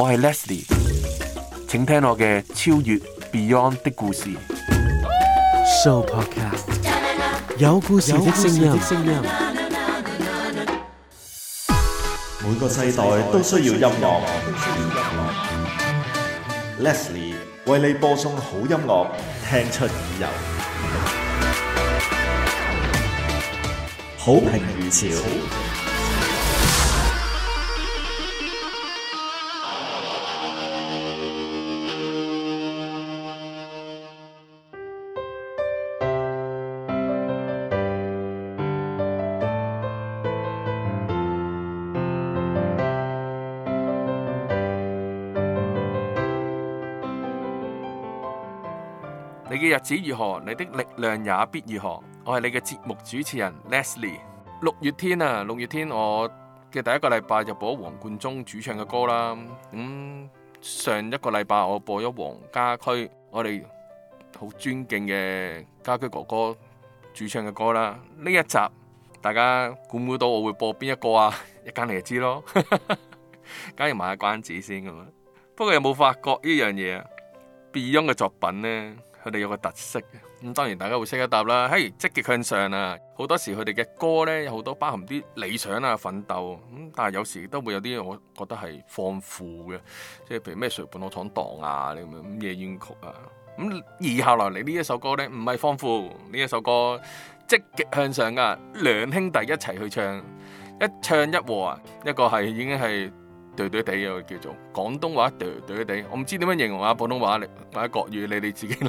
我係 Leslie，請聽我嘅超越 Beyond 的故事 Show Podcast，有故事的聲音，每個世代都需要音樂，Leslie 為你播送好音樂，聽出耳油，好評如潮。你嘅日子如何？你的力量也必如何？我係你嘅節目主持人 Leslie。六月天啊，六月天，我嘅第一個禮拜就播了黃貫中主唱嘅歌啦。咁、嗯、上一個禮拜我播咗黃家駒，我哋好尊敬嘅家駒哥哥主唱嘅歌啦。呢一集大家估唔估到我會播邊一個啊？一陣你就知咯。梗 係賣下關子先㗎嘛。不過有冇發覺呢樣嘢啊？Beyond 嘅作品呢。佢哋有個特色咁當然大家會識得答啦。嘿，積極向上啊！好多時佢哋嘅歌呢，有好多包含啲理想啊、奮鬥咁，但係有時都會有啲我覺得係放負嘅，即係譬如咩《誰伴我闖蕩》啊，呢咁樣夜怨曲啊，咁而後嚟嚟呢一首歌呢，唔係放負，呢一首歌積極向上噶，兩兄弟一齊去唱，一唱一和啊，一個係已經係。嗲嗲地又叫做廣東話嗲嗲地，我唔知點樣形容啊！普通話或者國語，你哋自己諗。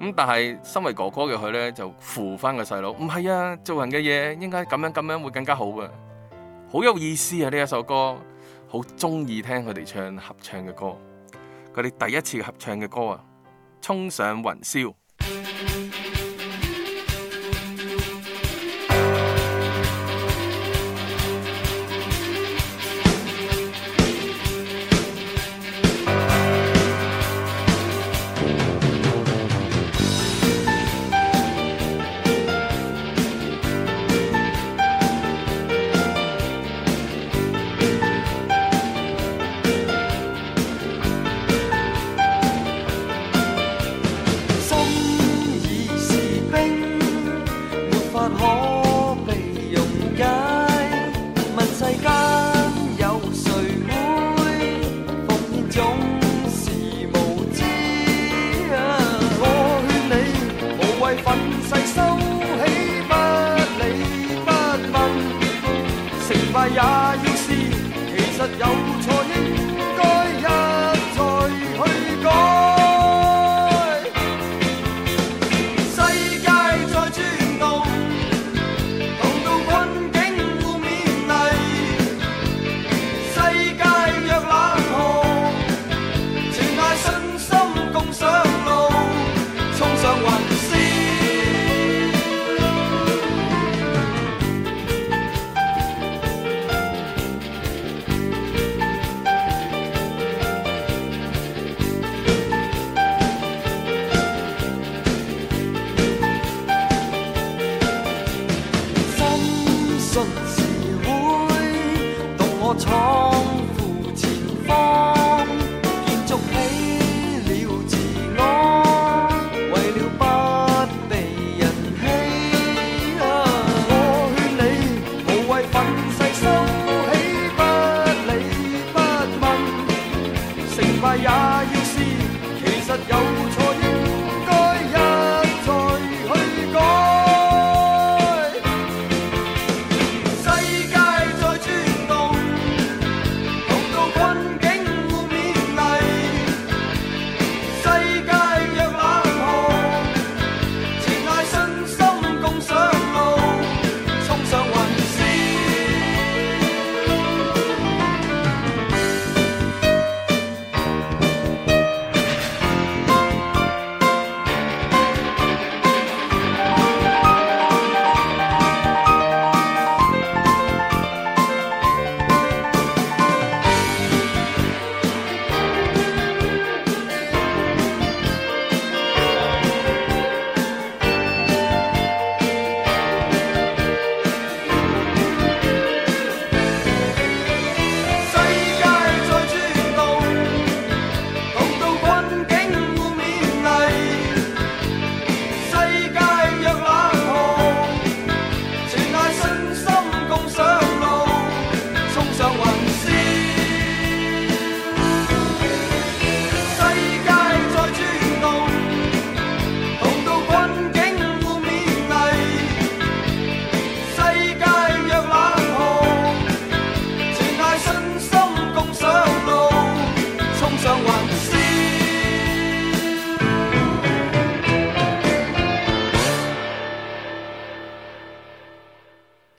咁但係身為哥哥嘅佢咧，就扶返個細佬。唔係啊，做人嘅嘢應該咁樣咁樣會更加好嘅。好有意思啊！呢一首歌，好鍾意聽佢哋唱合唱嘅歌。佢哋第一次合唱嘅歌啊，衝上雲霄。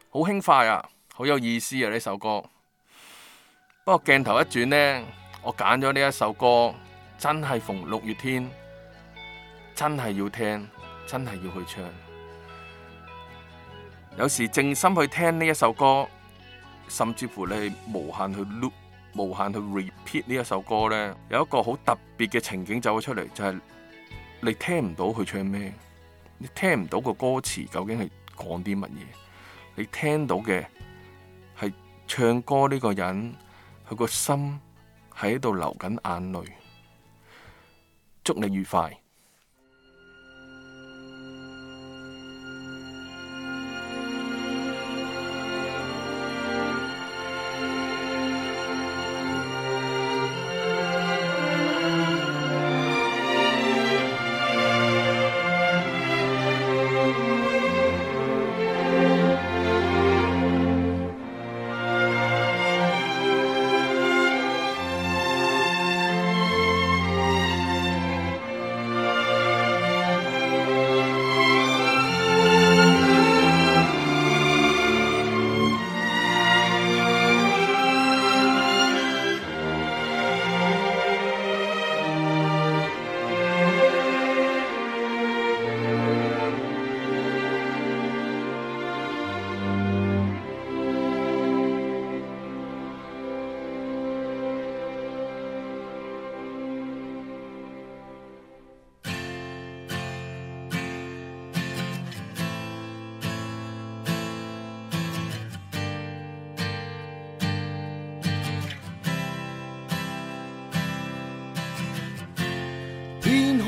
好輕快啊，好有意思啊呢首歌。不過鏡頭一轉呢，我揀咗呢一首歌，真係逢六月天，真係要聽，真係要去唱。有時靜心去聽呢一首歌，甚至乎你無限去 loop、無限去 repeat 呢一首歌呢，有一個好特別嘅情景就會出嚟，就係你聽唔到佢唱咩，你聽唔到個歌詞究竟係講啲乜嘢。你聽到嘅係唱歌呢個人，佢個心喺度流緊眼淚。祝你愉快。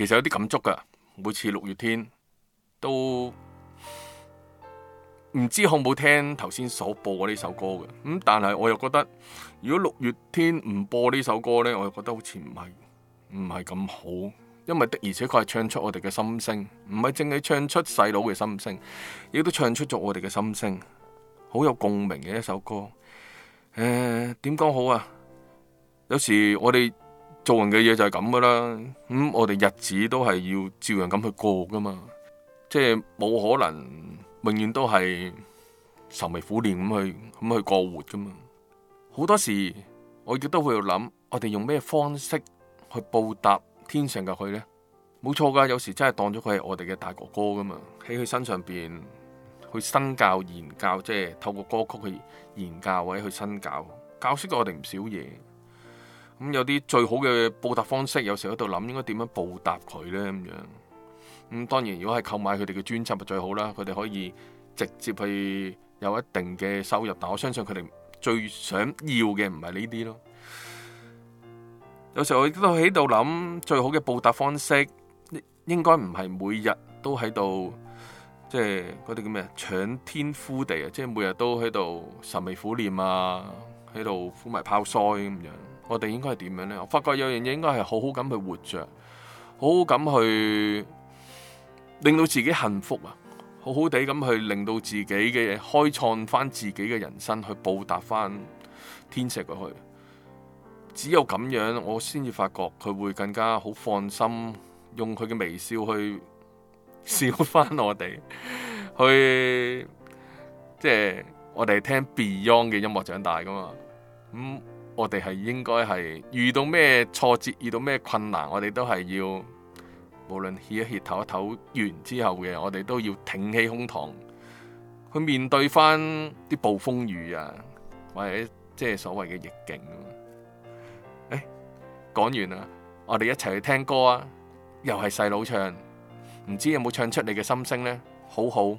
其實有啲感觸噶，每次六月天都唔知好唔好聽頭先所播嘅呢首歌嘅，咁但係我又覺得，如果六月天唔播呢首歌呢，我又覺得好似唔係唔係咁好，因為的而且確係唱出我哋嘅心聲，唔係淨係唱出細佬嘅心聲，亦都唱出咗我哋嘅心聲，好有共鳴嘅一首歌。誒、呃，點講好啊？有時我哋。做人嘅嘢就係咁噶啦，咁、嗯、我哋日子都係要照樣咁去過噶嘛，即係冇可能永遠都係愁眉苦臉咁去咁去過活噶嘛。好多時我亦都會諗，我哋用咩方式去報答天上嘅佢呢？冇錯噶，有時真係當咗佢係我哋嘅大哥哥噶嘛，喺佢身上邊去身教言教，即係透過歌曲去言教或者去身教，教識咗我哋唔少嘢。咁有啲最好嘅報答方式，有時喺度諗應該點樣報答佢呢？咁樣。咁當然，如果係購買佢哋嘅專輯就最好啦，佢哋可以直接去有一定嘅收入。但我相信佢哋最想要嘅唔係呢啲咯。有時我亦都喺度諗最好嘅報答方式，應該唔係每日都喺度，即係嗰啲叫咩啊？搶天呼地啊！即係每日都喺度愁眉苦臉啊，喺度呼埋泡腮咁樣。我哋應該係點樣呢？我發覺有樣嘢應該係好好咁去活著，好好咁去令到自己幸福啊！好好地咁去令到自己嘅嘢，開創翻自己嘅人生，去報答翻天石佢。只有咁樣，我先至發覺佢會更加好放心，用佢嘅微笑去笑翻我哋。 去即係、就是、我哋聽 Beyond 嘅音樂長大噶嘛？咁、嗯。我哋係應該係遇到咩挫折，遇到咩困難，我哋都係要無論歇一歇、唞一唞，完之後嘅，我哋都要挺起胸膛去面對返啲暴風雨啊，或者即係所謂嘅逆境。誒，講完啦，我哋一齊去聽歌啊！又係細佬唱，唔知有冇唱出你嘅心聲呢？好好。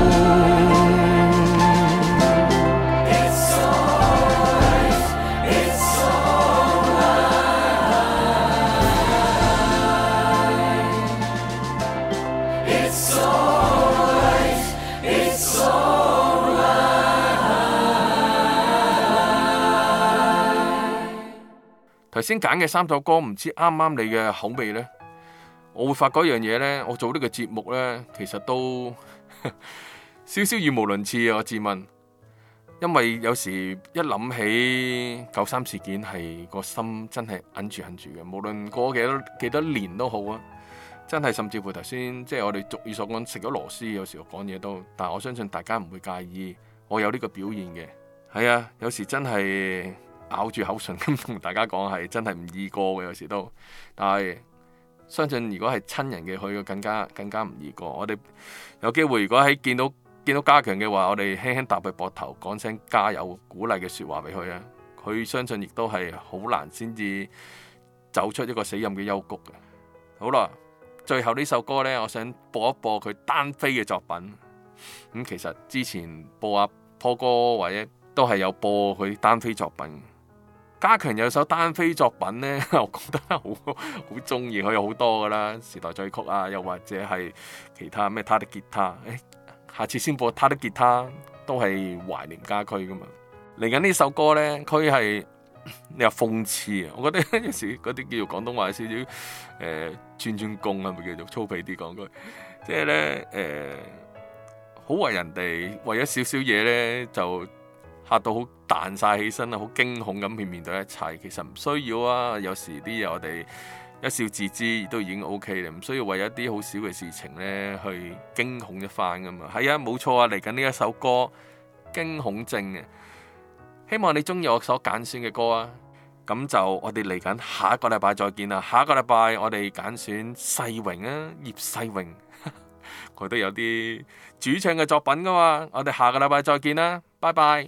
頭先揀嘅三首歌唔知啱唔啱你嘅口味呢，我會發覺一樣嘢呢，我做呢個節目呢，其實都少少語無倫次啊！我自問，因為有時一諗起九三事件，係個心真係忍住忍住嘅，無論過幾多幾多年都好啊！真係甚至乎頭先，即係我哋俗語所講，食咗螺絲，有時我講嘢都，但我相信大家唔會介意我有呢個表現嘅。係啊，有時真係。咬住口唇咁同大家講，係真係唔易過嘅，有時都。但係相信如果係親人嘅，佢更加更加唔易過。我哋有機會，如果喺見到見到家強嘅話，我哋輕輕搭佢膊頭，講聲加油，鼓勵嘅說話俾佢啊。佢相信亦都係好難先至走出一個死蔭嘅幽谷嘅。好啦，最後呢首歌呢，我想播一播佢單飛嘅作品。咁其實之前播阿、啊、Paul 哥或者都係有播佢單飛作品。家強有首單飛作品咧，我覺得好好中意佢有好多噶啦，《時代序曲》啊，又或者係其他咩《他的吉他》。誒，下次先播《他的吉他》，都係懷念家駒噶嘛。嚟緊呢首歌咧，佢係有諷刺啊！我覺得有時啲叫做廣東話少少誒、串、呃、串工係咪叫做粗鄙啲講句，即係咧誒，好為人哋為咗少少嘢咧就。吓到好彈晒起身啊！好驚恐咁去面對一切，其實唔需要啊。有時啲嘢我哋一笑自知都已經 O K 嘅，唔需要為一啲好小嘅事情咧去驚恐一番噶嘛。係啊，冇錯啊，嚟緊呢一首歌《驚恐症》啊，希望你中意我所揀選嘅歌啊。咁就我哋嚟緊下一個禮拜再見啦。下一個禮拜我哋揀選世榮啊，葉世榮，佢都有啲主唱嘅作品噶嘛。我哋下個禮拜再見啦，拜拜。